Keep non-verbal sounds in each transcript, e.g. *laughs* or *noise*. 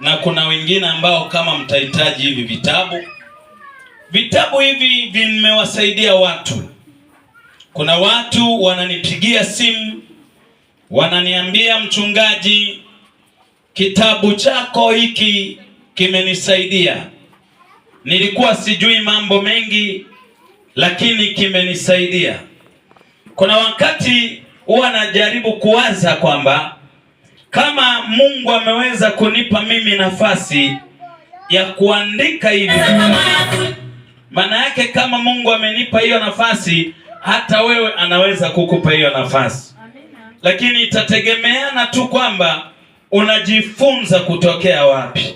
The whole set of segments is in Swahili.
na kuna wengine ambao kama mtahitaji hivi vitabu. Vitabu hivi vimewasaidia watu. Kuna watu wananipigia simu wananiambia, mchungaji, kitabu chako hiki kimenisaidia, nilikuwa sijui mambo mengi, lakini kimenisaidia. Kuna wakati huwa najaribu kuwaza kwamba kama Mungu ameweza kunipa mimi nafasi ya kuandika hivi, maana yake kama Mungu amenipa hiyo nafasi, hata wewe anaweza kukupa hiyo nafasi, lakini itategemeana tu kwamba unajifunza kutokea wapi.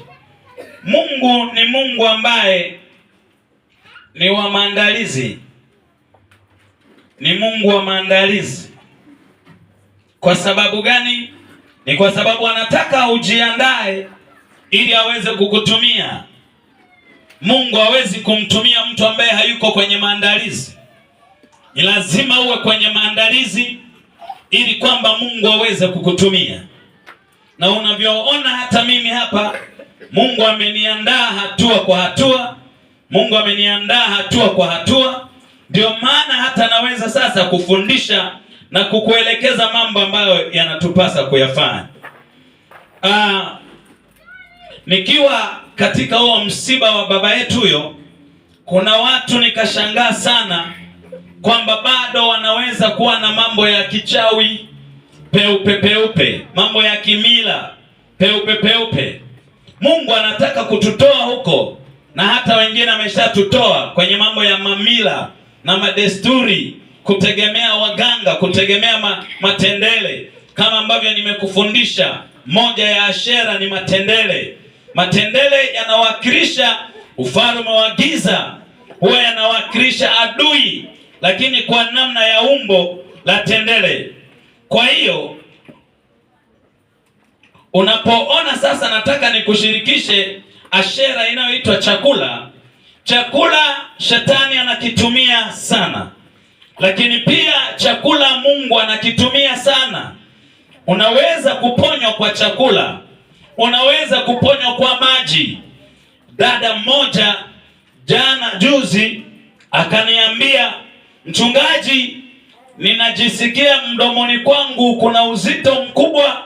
Mungu ni Mungu ambaye ni wa maandalizi, ni Mungu wa maandalizi. Kwa sababu gani? ni kwa sababu anataka ujiandae ili aweze kukutumia. Mungu hawezi kumtumia mtu ambaye hayuko kwenye maandalizi. Ni lazima uwe kwenye maandalizi ili kwamba Mungu aweze kukutumia. Na unavyoona hata mimi hapa, Mungu ameniandaa hatua kwa hatua, Mungu ameniandaa hatua kwa hatua, ndio maana hata naweza sasa kufundisha na kukuelekeza mambo ambayo yanatupasa kuyafanya. Aa, ah, nikiwa katika huo msiba wa baba yetu huyo, kuna watu nikashangaa sana kwamba bado wanaweza kuwa na mambo ya kichawi peupe peupe, mambo ya kimila peupe peupe. Mungu anataka kututoa huko, na hata wengine ameshatutoa kwenye mambo ya mamila na madesturi kutegemea waganga, kutegemea ma, matendele kama ambavyo nimekufundisha. Moja ya ashera ni matendele. Matendele yanawakilisha ufalme wa giza, huwa yanawakilisha adui, lakini kwa namna ya umbo la tendele. Kwa hiyo unapoona sasa, nataka nikushirikishe ashera inayoitwa chakula. Chakula shetani anakitumia sana lakini pia chakula Mungu anakitumia sana. Unaweza kuponywa kwa chakula, unaweza kuponywa kwa maji. Dada mmoja jana juzi akaniambia, mchungaji, ninajisikia mdomoni kwangu kuna uzito mkubwa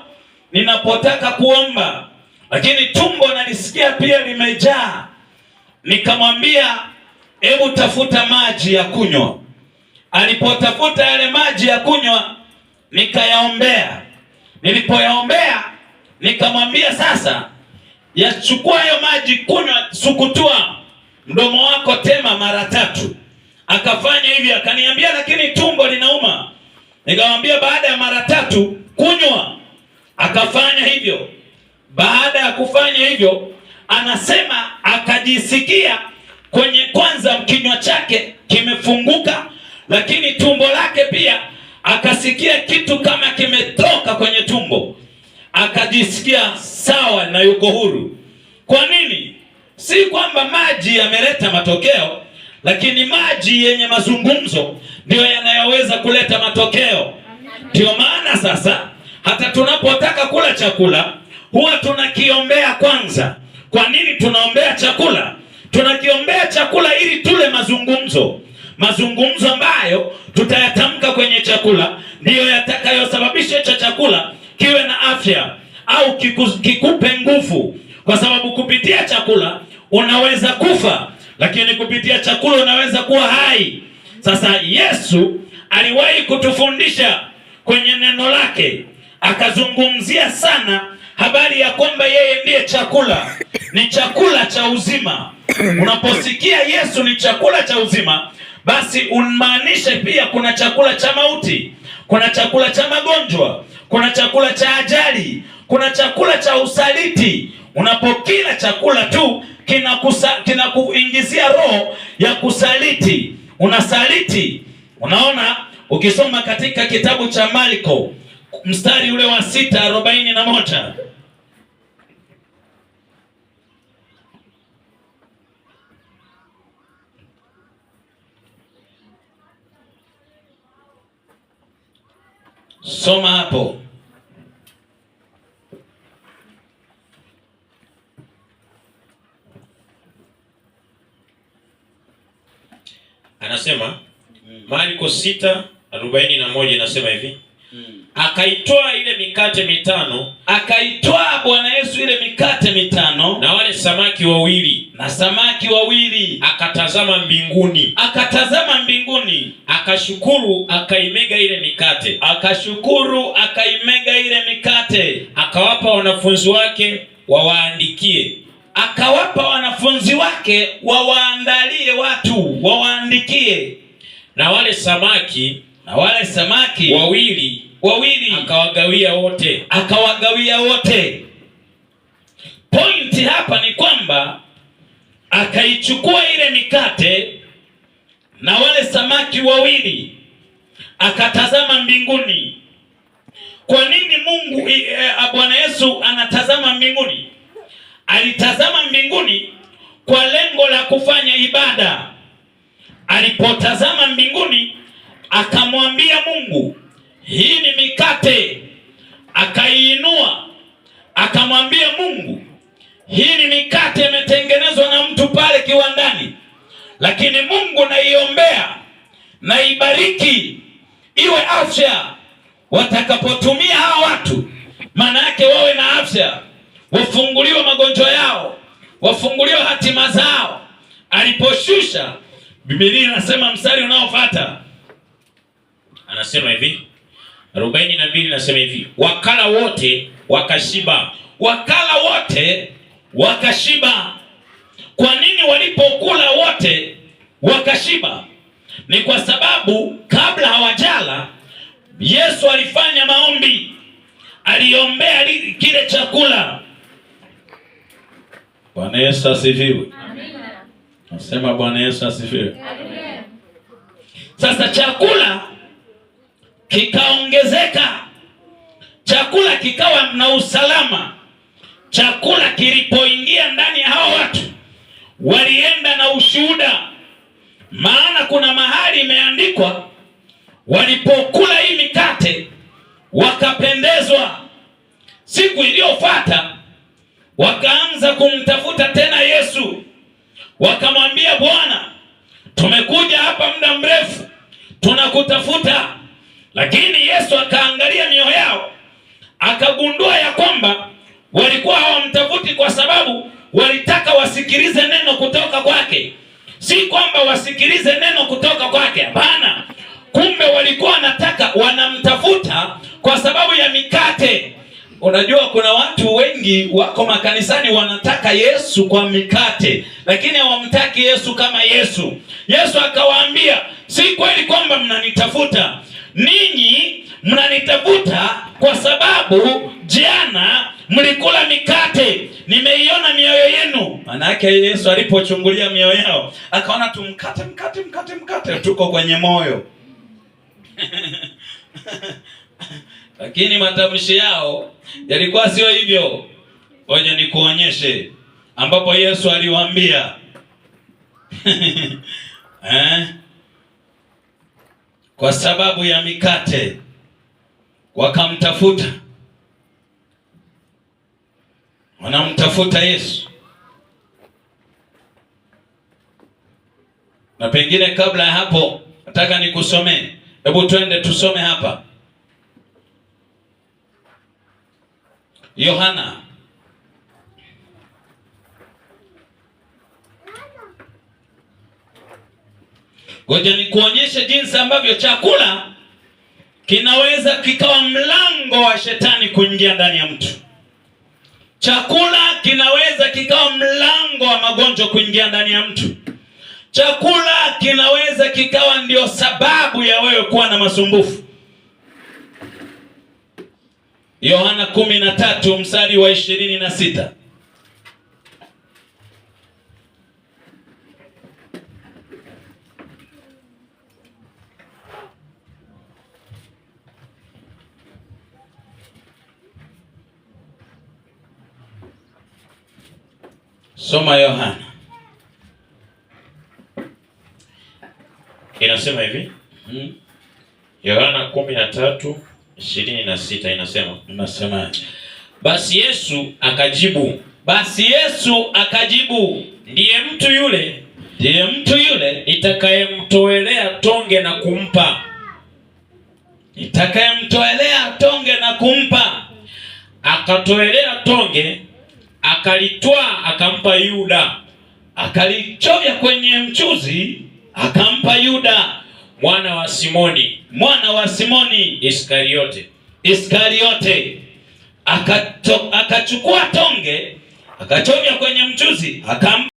ninapotaka kuomba, lakini tumbo nalisikia pia limejaa. Nikamwambia, hebu tafuta maji ya kunywa alipotafuta yale maji ya kunywa nikayaombea. Nilipoyaombea nikamwambia, sasa yachukua hayo maji, kunywa, sukutua mdomo wako, tema mara tatu. Akafanya hivyo, akaniambia lakini tumbo linauma. Nikamwambia baada ya mara tatu kunywa. Akafanya hivyo. Baada ya kufanya hivyo, anasema akajisikia kwenye kwanza kinywa chake kimefunguka lakini tumbo lake pia akasikia kitu kama kimetoka kwenye tumbo, akajisikia sawa na yuko huru. Kwa nini? Si kwamba maji yameleta matokeo, lakini maji yenye mazungumzo ndiyo yanayoweza kuleta matokeo. Ndiyo maana sasa hata tunapotaka kula chakula huwa tunakiombea kwanza. Kwa nini tunaombea chakula? Tunakiombea chakula ili tule mazungumzo mazungumzo ambayo tutayatamka kwenye chakula ndiyo yatakayosababisha cha chakula kiwe na afya au kiku, kikupe nguvu, kwa sababu kupitia chakula unaweza kufa, lakini kupitia chakula unaweza kuwa hai. Sasa Yesu aliwahi kutufundisha kwenye neno lake, akazungumzia sana habari ya kwamba yeye ndiye chakula, ni chakula cha uzima. Unaposikia Yesu ni chakula cha uzima basi unmaanishe pia kuna chakula cha mauti, kuna chakula cha magonjwa, kuna chakula cha ajali, kuna chakula cha usaliti. Unapokila chakula tu kinakuingizia kina roho ya kusaliti, unasaliti. Unaona, ukisoma katika kitabu cha Marko mstari ule wa sita arobaini na moja Soma hapo. Anasema Marko sita arobaini na moja inasema hivi Mm. Akaitoa ile mikate mitano, akaitoa Bwana Yesu ile mikate mitano na wale samaki wawili, na samaki wawili, akatazama mbinguni, akatazama mbinguni, akashukuru, akaimega ile mikate, akashukuru, akaimega ile mikate, akawapa wanafunzi wake wawaandikie akawapa wanafunzi wake wawaandalie watu wawaandikie, na wale samaki na wale samaki wawili wawili, akawagawia wote, akawagawia wote. Pointi hapa ni kwamba akaichukua ile mikate na wale samaki wawili, akatazama mbinguni. Kwa nini Mungu e, Bwana Yesu anatazama mbinguni? Alitazama mbinguni kwa lengo la kufanya ibada. Alipotazama mbinguni, akamwambia Mungu hii ni mikate, akaiinua akamwambia Mungu, hii ni mikate imetengenezwa na mtu pale kiwandani, lakini Mungu naiombea, naibariki iwe afya watakapotumia hawa watu, maana yake wawe na afya, wafunguliwe magonjwa yao, wafunguliwe hatima zao. Aliposhusha Biblia inasema mstari unaofuata anasema hivi arobaini na mbili nasema hivi, wakala wote wakashiba. Wakala wote wakashiba. Kwa nini walipokula wote wakashiba? Ni kwa sababu kabla hawajala Yesu alifanya maombi, aliombea kile chakula. Bwana Yesu asifiwe. Amina. Nasema Bwana Yesu asifiwe. Amina. Sasa chakula kikaongezeka, chakula kikawa na usalama. Chakula kilipoingia ndani ya hao watu, walienda na ushuhuda, maana kuna mahali imeandikwa, walipokula hii mikate wakapendezwa. Siku iliyofuata wakaanza kumtafuta tena Yesu, wakamwambia Bwana, tumekuja hapa muda mrefu tunakutafuta lakini Yesu akaangalia mioyo yao, akagundua ya kwamba walikuwa hawamtafuti kwa sababu walitaka wasikilize neno kutoka kwake, si kwamba wasikilize neno kutoka kwake, hapana. Kumbe walikuwa wanataka wanamtafuta kwa sababu ya mikate. Unajua, kuna watu wengi wako makanisani wanataka Yesu kwa mikate, lakini hawamtaki Yesu kama Yesu. Yesu akawaambia, si kweli kwamba mnanitafuta ninyi mnanitafuta kwa sababu jana mlikula mikate, nimeiona mioyo yenu. Maana Yesu alipochungulia mioyo yao akaona tu mkate, mkate, mkate, mkate, tuko kwenye moyo *laughs* lakini matamshi yao yalikuwa sio hivyo. Ngoja nikuonyeshe ambapo Yesu aliwaambia *laughs* eh kwa sababu ya mikate wakamtafuta, wanamtafuta Yesu, na pengine kabla ya hapo nataka nikusomee. Hebu twende tusome hapa Yohana Ngoja nikuonyeshe jinsi ambavyo chakula kinaweza kikawa mlango wa shetani kuingia ndani ya mtu. Chakula kinaweza kikawa mlango wa magonjwa kuingia ndani ya mtu. Chakula kinaweza kikawa ndio sababu ya wewe kuwa na masumbufu. Yohana kumi na tatu mstari wa ishirini na sita. Soma Yohana inasema hivi hmm? Yohana hmm. kumi na tatu ishirini na sita inasema inasemaje? Basi Yesu akajibu, basi Yesu akajibu, ndiye mtu yule, ndiye mtu yule nitakayemtoelea tonge na kumpa, nitakayemtoelea tonge na kumpa. Akatoelea tonge akalitwaa akampa Yuda, akalichovya kwenye mchuzi akampa Yuda mwana wa Simoni, mwana wa Simoni Iskariote, Iskariote akachukua tonge akachovya kwenye mchuzi akampa